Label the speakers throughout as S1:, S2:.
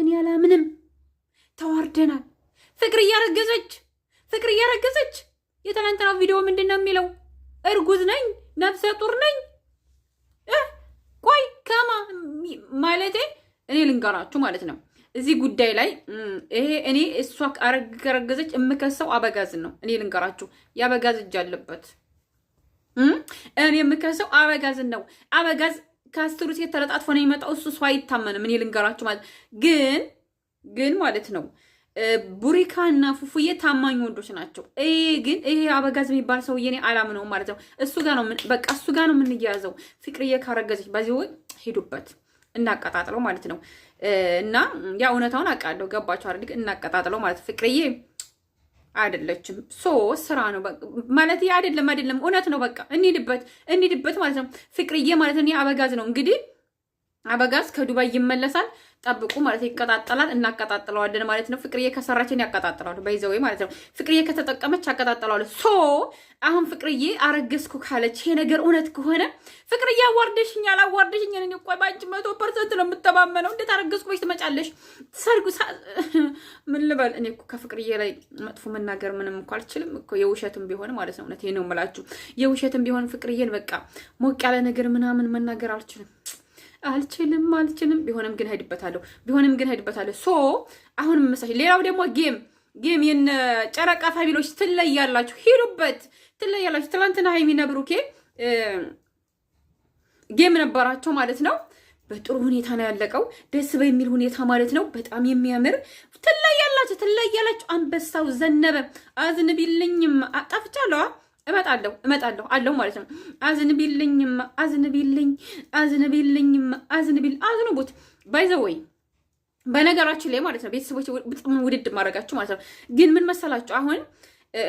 S1: እኔ አላምንም። ተዋርደናል። ፍቅር እያረገዘች ፍቅር እያረገዘች የትናንትናው ቪዲዮ ምንድን ነው የሚለው? እርጉዝ ነኝ፣ ነፍሰ ጡር ነኝ። ቆይ ከማ ማለቴ እኔ ልንገራችሁ ማለት ነው እዚህ ጉዳይ ላይ ይሄ እኔ እሷ ከረገዘች የምከሰው አበጋዝን ነው። እኔ ልንገራችሁ የአበጋዝ እጅ አለበት። እኔ የምከሰው አበጋዝን ነው። አበጋዝ ከአስሩ ሴት ተለጣጥፎ ነው የሚመጣው። እሱ ሰው አይታመንም። እኔ ልንገራችሁ ማለት ግን ግን ማለት ነው ቡሪካ እና ፉፉዬ ታማኝ ወንዶች ናቸው። ይሄ ግን ይሄ አበጋዝ የሚባል የኔ አላም ነው ማለት ነው። እሱ ጋር ነው በቃ እሱ ጋር ነው የምንያዘው። ፍቅርዬ ካረገዘች በዚህ ወይ ሄዱበት እናቀጣጥለው ማለት ነው። እና ያ እውነታውን አውቃለሁ። ገባቸው አድርግ እናቀጣጥለው ማለት ፍቅርዬ አይደለችም። ሶ ስራ ነው ማለት አይደለም፣ አይደለም እውነት ነው። በቃ እንሂድበት እንሂድበት ማለት ነው ፍቅርዬ ማለት ነው። አበጋዝ ነው እንግዲህ አበጋዝ ከዱባይ ይመለሳል። ጠብቁ ማለት ይቀጣጠላል። እናቀጣጥለዋለን ማለት ነው። ፍቅርዬ ከሰራችን ያቀጣጥለዋል። በይዘወይ ማለት ነው። ፍቅርዬ ከተጠቀመች ያቀጣጥለዋል። ሶ አሁን ፍቅርዬ አረገዝኩ ካለች ይሄ ነገር እውነት ከሆነ ፍቅርዬ አዋርደሽኝ አላዋርደሽኝ እኔ እኮ በአንቺ መቶ ፐርሰንት ነው የምተማመነው። እንዴት አረገዝኩ በሽ ትመጫለሽ? ሰርጉ ምን ልበል እኔ ከፍቅርዬ ላይ መጥፎ መናገር ምንም እኮ አልችልም እኮ የውሸትም ቢሆን ማለት ነው። እውነት ነው የምላችሁ የውሸትም ቢሆን ፍቅርዬን በቃ ሞቅ ያለ ነገር ምናምን መናገር አልችልም። አልችልም አልችልም። ቢሆንም ግን ሄድበታለሁ፣ ቢሆንም ግን ሄድበታለሁ። ሶ አሁንም መሳሽ። ሌላው ደግሞ ጌም ጌም የነ ጨረቃ ፋሚሊዎች ትለያላችሁ፣ ሂዱበት፣ ትለያላችሁ። ትላንትና ሀይሚና ብሩኬ ጌም ነበራቸው ማለት ነው። በጥሩ ሁኔታ ነው ያለቀው። ደስ በሚል ሁኔታ ማለት ነው። በጣም የሚያምር ትለያላችሁ፣ ትለያላችሁ። አንበሳው ዘነበ አዝንቢልኝም አጣፍቻለዋ እመጣለሁ እመጣለሁ አለሁ ማለት ነው። አዝንቢልኝም አዝንቢልኝ አዝንቢልኝም አዝንቢል አዝንቡት ባይዘወይ በነገራችን ላይ ማለት ነው ቤተሰቦች በጣም ውድድ ማድረጋችሁ ማለት ነው። ግን ምን መሰላችሁ አሁን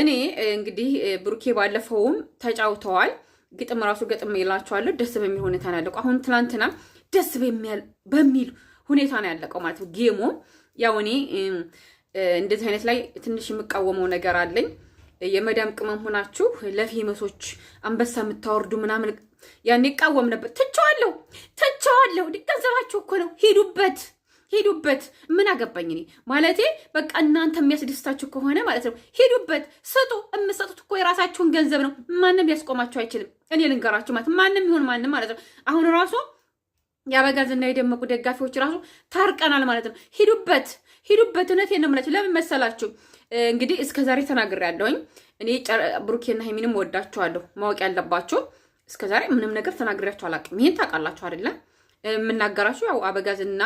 S1: እኔ እንግዲህ ብሩኬ ባለፈውም ተጫውተዋል። ግጥም ራሱ ገጥም ይላችኋለሁ። ደስ በሚል ሁኔታ ነው ያለቀው። አሁን ትናንትና ደስ በሚል ሁኔታ ነው ያለቀው ማለት ነው ጌሞ። ያው እኔ እንደዚህ አይነት ላይ ትንሽ የምቃወመው ነገር አለኝ የመዳም ቅመም ሆናችሁ ለፌመሶች አንበሳ የምታወርዱ ምናምን ያን ይቃወም ነበር። ትቸዋለሁ ትቸዋለሁ። ገንዘባችሁ እኮ ነው። ሄዱበት ሄዱበት። ምን አገባኝ እኔ ማለቴ በቃ እናንተ የሚያስደስታችሁ ከሆነ ማለት ነው። ሄዱበት ስጡ። የምሰጡት እኮ የራሳችሁን ገንዘብ ነው። ማንም ሊያስቆማችሁ አይችልም። እኔ ልንገራችሁ ማለት ማንም ይሁን ማንም ማለት ነው። አሁን ራሱ የአበጋዝና የደመቁ ደጋፊዎች ራሱ ታርቀናል ማለት ነው። ሂዱበት ሂዱበት። እውነቴን ነው የምላችሁ። ለምን መሰላችሁ? እንግዲህ እስከ ዛሬ ያለውኝ እኔ ብሩኬና ሀይሚንም ወዳችኋለሁ። ማወቅ ያለባችሁ እስከ ዛሬ ምንም ነገር ተናግሬያችሁ አላውቅም። ይህን ታውቃላችሁ አይደለም? የምናገራችሁ ያው አበጋዝና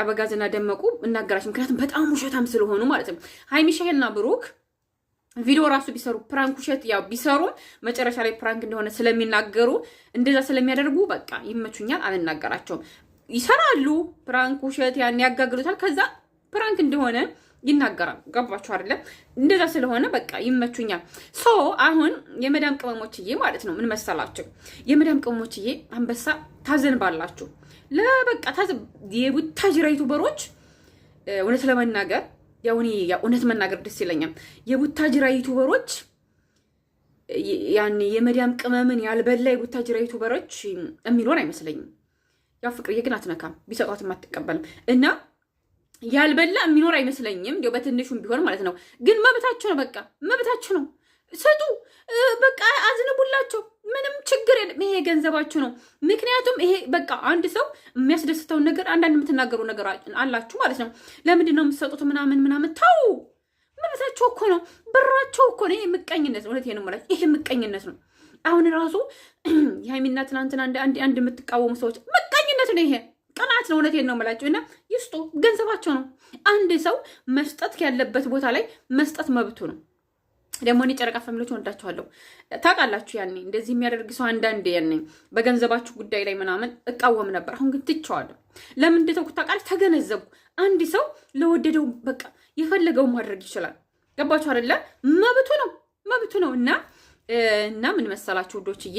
S1: አበጋዝና ደመቁ እናገራችሁ፣ ምክንያቱም በጣም ውሸታም ስለሆኑ ማለት ነው። ሀይሚሻሄልና ብሩክ ቪዲዮ ራሱ ቢሰሩ ፕራንክ ውሸት ያው ቢሰሩም መጨረሻ ላይ ፕራንክ እንደሆነ ስለሚናገሩ እንደዛ ስለሚያደርጉ በቃ ይመቹኛል፣ አልናገራቸውም። ይሰራሉ ፕራንክ ውሸት ያን ያጋግሉታል። ከዛ ፕራንክ እንደሆነ ይናገራል። ገባችሁ አይደለም? እንደዛ ስለሆነ በቃ ይመቹኛል። ሶ አሁን የመዳም ቅመሞችዬ ማለት ነው ምን መሰላችሁ፣ የመዳም ቅመሞችዬ አንበሳ ታዘንባላችሁ። ለበቃ የቡታጅራ ዩቱበሮች እውነት ለመናገር ያው እኔ እውነት መናገር ደስ ይለኛል። የቡታጅራ ዩቱበሮች ያን የመዳም ቅመምን ያልበላ የቡታጅራ ዩቱበሮች የሚኖር አይመስለኝም። ያው ፍቅርዬ ግን አትነካም፣ ቢሰጧትም አትቀበልም እና ያልበላ የሚኖር አይመስለኝም። እንዲያው በትንሹም ቢሆን ማለት ነው። ግን መብታችሁ ነው፣ በቃ መብታቸው ነው። ስጡ፣ በቃ አዝንቡላቸው። ምንም ችግር የለም። ይሄ ገንዘባችሁ ነው። ምክንያቱም ይሄ በቃ አንድ ሰው የሚያስደስተውን ነገር አንዳንድ የምትናገሩ ነገር አላችሁ ማለት ነው። ለምንድን ነው የምትሰጡት? ምናምን ምናምን። ተው፣ መብታቸው እኮ ነው፣ ብራቸው እኮ ነው። ይሄ ምቀኝነት ነው። እውነቴን ነው ይሄ ምቀኝነት ነው። አሁን ራሱ የሃይሚና ትናንትና አንድ የምትቃወሙ ሰዎች ምቀኝነት ነው ይሄ ቅናት ነው። እውነቴን ነው የምላቸው እና ይስጡ፣ ገንዘባቸው ነው። አንድ ሰው መስጠት ያለበት ቦታ ላይ መስጠት መብቱ ነው። ደግሞ እኔ ጨረቃ ፋሚሊዎች ወዳችኋለሁ። ታውቃላችሁ ያኔ እንደዚህ የሚያደርግ ሰው አንዳንዴ ያኔ በገንዘባችሁ ጉዳይ ላይ ምናምን እቃወም ነበር። አሁን ግን ትቼዋለሁ። ለምን እንደተውኩት ታውቃለች? ተገነዘብኩ። አንድ ሰው ለወደደው በቃ የፈለገው ማድረግ ይችላል። ገባችሁ አይደለ? መብቱ ነው፣ መብቱ ነው። እና እና ምን መሰላችሁ ውዶችዬ፣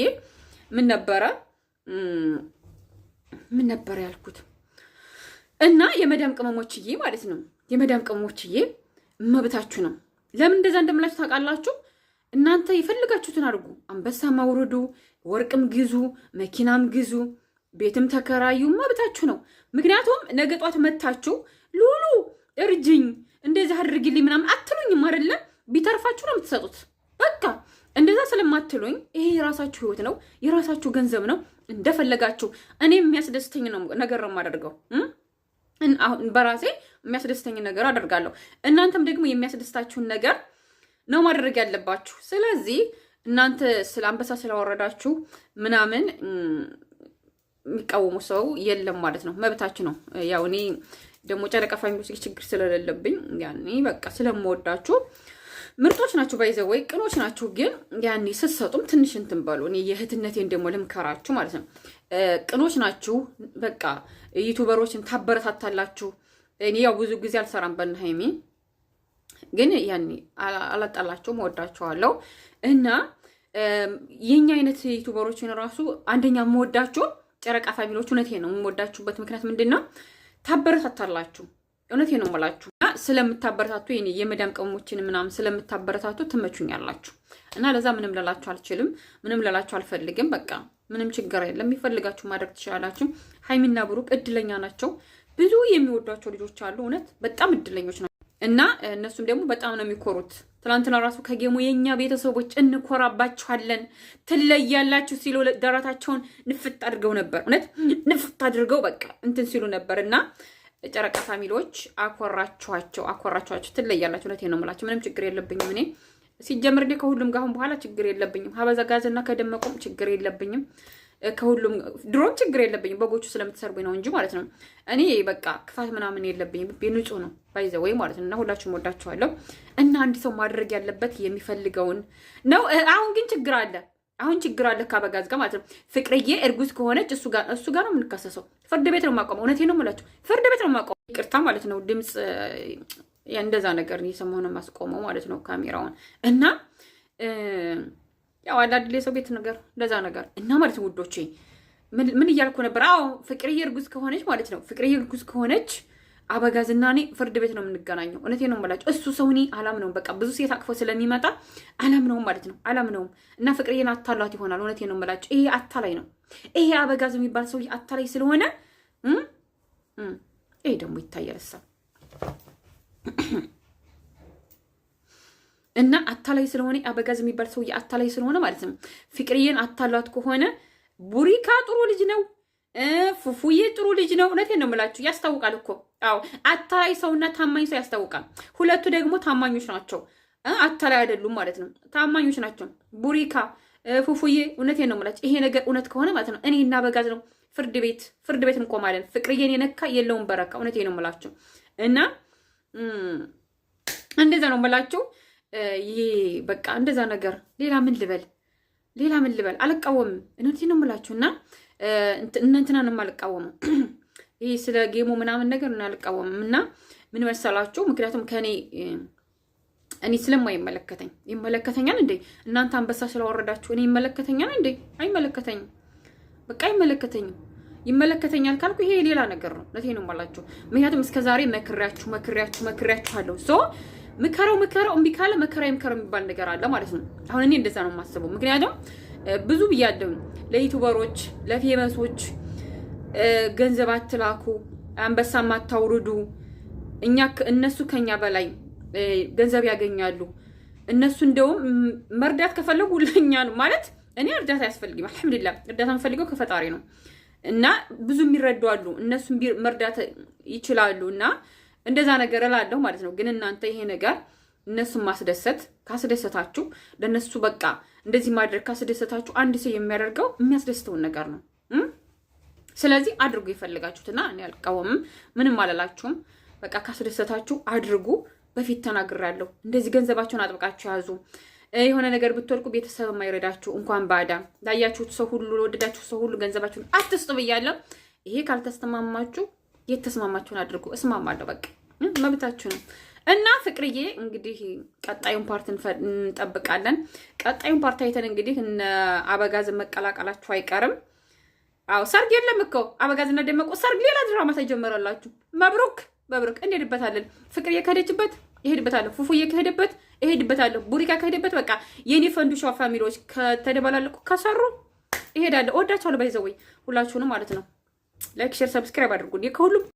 S1: ምን ነበረ ምን ነበረ ያልኩት እና የመዳም ቅመሞችዬ ማለት ነው የመዳም ቅመሞችዬ መብታችሁ ነው። ለምን እንደዛ እንደምላችሁ ታውቃላችሁ? እናንተ የፈለጋችሁትን አድርጉ። አንበሳም አውርዱ፣ ወርቅም ግዙ፣ መኪናም ግዙ፣ ቤትም ተከራዩ፣ መብታችሁ ነው። ምክንያቱም ነገ ጧት መታችሁ ሉሉ እርጅኝ እንደዚህ አድርግልኝ ምናምን አትሉኝም አይደለም? ቢተርፋችሁ ነው የምትሰጡት። በቃ እንደዛ ስለማትሉኝ ይሄ የራሳችሁ ህይወት ነው፣ የራሳችሁ ገንዘብ ነው። እንደፈለጋችሁ እኔ የሚያስደስተኝ ነው ነገር ነው የማደርገው። አሁን በራሴ የሚያስደስተኝ ነገር አደርጋለሁ። እናንተም ደግሞ የሚያስደስታችሁን ነገር ነው ማድረግ ያለባችሁ። ስለዚህ እናንተ ስለ አንበሳ ስላወረዳችሁ ምናምን የሚቃወሙ ሰው የለም ማለት ነው። መብታችሁ ነው። ያው እኔ ደግሞ ጨረቃ ፋሚሊ ችግር ስለሌለብኝ ያኔ በቃ ስለምወዳችሁ ምርጦች ባይዘ ወይ ቅኖች ናቸው ግን ያኔ ስትሰጡም ትንሽ እንትን በሉ። እኔ የእህትነቴን ደግሞ ልምከራችሁ ማለት ነው። ቅኖች ናችሁ፣ በቃ ዩቱበሮችን ታበረታታላችሁ። እኔ ያው ብዙ ጊዜ አልሰራም በእነ ሀይሚ ግን ያኔ አላጣላችሁም፣ እወዳችኋለሁ እና የኛ አይነት ዩቱበሮችን ራሱ አንደኛ የምወዳችሁ ጨረቃ ፋሚሊዎች፣ እውነቴ ነው የምወዳችሁበት ምክንያት ምንድን ነው? ታበረታታላችሁ። እውነቴ ነው የምላችሁ ስለምታበረታቱ የመዳም ቅመሞችን ምናምን ስለምታበረታቱ ትመቹኛላችሁ እና ለዛ ምንም ልላችሁ አልችልም። ምንም ልላችሁ አልፈልግም። በቃ ምንም ችግር የለም። የሚፈልጋችሁ ማድረግ ትችላላችሁ። ሀይሚና ብሩክ እድለኛ ናቸው። ብዙ የሚወዷቸው ልጆች አሉ። እውነት በጣም እድለኞች ናቸው እና እነሱም ደግሞ በጣም ነው የሚኮሩት። ትላንትና ራሱ ከጌሙ የእኛ ቤተሰቦች እንኮራባችኋለን ትለያላችሁ ሲሉ ደረታቸውን ንፍት አድርገው ነበር። እውነት ንፍት አድርገው በቃ እንትን ሲሉ ነበር እና ጨረቃ ፋሚሊዎች አኮራችኋቸው፣ አኮራችኋቸው። ትለያላችሁ። እውነቴን ነው ምላቸው ምንም ችግር የለብኝም እኔ ሲጀምር እኔ ከሁሉም ጋር አሁን በኋላ ችግር የለብኝም። ሀበዛ ከደመቁም ችግር የለብኝም። ከሁሉም ድሮም ችግር የለብኝም። በጎቹ ስለምትሰርቡኝ ነው እንጂ ማለት ነው። እኔ በቃ ክፋት ምናምን የለብኝም። ንጹህ ነው ባይዘ ወይ ማለት ነው። እና ሁላችሁም ወዳችኋለሁ። እና አንድ ሰው ማድረግ ያለበት የሚፈልገውን ነው። አሁን ግን ችግር አለ። አሁን ችግሩ አለ በጋዝ ጋር ማለት ነው። ፍቅርዬ እርጉዝ ከሆነች እሱ ጋር እሱ ጋር ነው የምንከሰሰው። ፍርድ ቤት ነው የማቆመው። እውነቴ ነው የምላችሁ፣ ፍርድ ቤት ነው የማቆመው። ይቅርታ ማለት ነው ድምፅ እንደዛ ነገር እየሰማሁ ነው ማለት ነው ካሜራውን እና ያው አዳድል የሰው ቤት ነገር እንደዛ ነገር እና ማለት ነው ውዶቼ፣ ምን እያልኩ ነበር? አዎ ፍቅርዬ እርጉዝ ከሆነች ማለት ነው ፍቅርዬ እርጉዝ ከሆነች አበጋዝ እና እኔ ፍርድ ቤት ነው የምንገናኘው። እውነቴ ነው የምላቸው። እሱ ሰው እኔ አላምነውም። በቃ ብዙ ሴት አቅፎ ስለሚመጣ አላምነውም ማለት ነው። አላምነውም እና ፍቅርዬን አታሏት ይሆናል። እውነቴ ነው የምላቸው። ይሄ አታላይ ነው። ይሄ አበጋዝ የሚባል ሰው አታላይ ስለሆነ ይሄ ደግሞ ይታያል እሷም እና አታላይ ስለሆነ አበጋዝ የሚባል ሰው አታላይ ስለሆነ ማለት ነው። ፍቅርዬን አታሏት ከሆነ ቡሪካ ጥሩ ልጅ ነው። ፉፉዬ ጥሩ ልጅ ነው። እውነቴን ነው የምላችሁ። ያስታውቃል እኮ አዎ አታላይ ሰውና ታማኝ ሰው ያስታውቃል። ሁለቱ ደግሞ ታማኞች ናቸው። አታላይ አይደሉም ማለት ነው። ታማኞች ናቸው። ቡሪካ ፉፉዬ፣ እውነቴን ነው የምላቸው ይሄ ነገር እውነት ከሆነ ማለት ነው እኔ እና በጋዝ ነው ፍርድ ቤት ፍርድ ቤት እንቆማለን። ፍቅርዬን የነካ የለውም በረካ። እውነቴን ነው የምላቸው እና እንደዛ ነው የምላቸው። ይሄ በቃ እንደዛ ነገር ሌላ ምን ልበል ሌላ ምን ልበል አልቃወምም። እውነቴን ነው የምላችሁ እና እናንትናንም አልቃወምም ይህ ስለ ጌሙ ምናምን ነገር እና አልቃወምም እና ምን መሰላችሁ፣ ምክንያቱም ከኔ እኔ ስለማይመለከተኝ ይመለከተኛል እንዴ? እናንተ አንበሳ ስለወረዳችሁ እኔ ይመለከተኛል እንዴ? አይመለከተኝም። በቃ አይመለከተኝም። ይመለከተኛል ካልኩ ይሄ ሌላ ነገር ነው። ለቴ ነው ማላችሁ ምክንያቱም እስከዛሬ መክሬያችሁ መክሬያችሁ መክሬያችሁ አለው ሶ ምከረው ምከረው እምቢ ካለ መከራ ይምከረው የሚባል ነገር አለ ማለት ነው። አሁን እኔ እንደዛ ነው የማስበው። ምክንያቱም ብዙ ብያለሁ ለዩቱበሮች ለፌመሶች ገንዘብ አትላኩ፣ አንበሳም አታውርዱ። እኛ እነሱ ከኛ በላይ ገንዘብ ያገኛሉ። እነሱ እንደውም መርዳት ከፈለጉ ለእኛ ነው ማለት እኔ እርዳታ ያስፈልግም። አልሐምዱሊላ እርዳታ የምፈልገው ከፈጣሪ ነው እና ብዙ የሚረዱ አሉ። እነሱ መርዳት ይችላሉ እና እንደዛ ነገር እላለሁ ማለት ነው። ግን እናንተ ይሄ ነገር እነሱን ማስደሰት ካስደሰታችሁ፣ ለእነሱ በቃ እንደዚህ ማድረግ ካስደሰታችሁ፣ አንድ ሰው የሚያደርገው የሚያስደስተውን ነገር ነው። ስለዚህ አድርጉ የፈለጋችሁትና እኔ አልቃወምም፣ ምንም አላላችሁም። በቃ ካስደሰታችሁ አድርጉ። በፊት ተናግሬያለሁ። እንደዚህ ገንዘባችሁን አጥብቃችሁ ያዙ። የሆነ ነገር ብትወድቁ ቤተሰብ የማይረዳችሁ እንኳን ባዳ ላያችሁት ሰው ሁሉ ለወደዳችሁ ሰው ሁሉ ገንዘባችሁን አትስጡ ብያለሁ። ይሄ ካልተስማማችሁ የተስማማችሁን አድርጉ። እስማማለሁ። በቃ መብታችሁ ነው። እና ፍቅርዬ እንግዲህ ቀጣዩን ፓርት እንጠብቃለን። ቀጣዩን ፓርት አይተን እንግዲህ እነ አበጋዝን መቀላቀላችሁ አይቀርም። አዎ ሰርግ የለም እኮ አበጋዝና ደመቁ ሰርግ ሌላ ድራማ ተጀመረላችሁ። መብሩክ መብሩክ እንሄድበታለን። ፍቅር እየከሄደችበት ይሄድበታለሁ፣ ፉፉ የከሄደበት ይሄድበታለሁ፣ ቡሪካ ከሄደበት በቃ የኔ ፈንዱሻ ፋሚሊዎች ከተደባላለቁ ከሰሩ ይሄዳለሁ። እወዳቸዋለሁ። ባይዘወይ ሁላችሁንም ማለት ነው። ላይክ፣ ሼር፣ ሰብስክራይብ አድርጉን ከሁሉም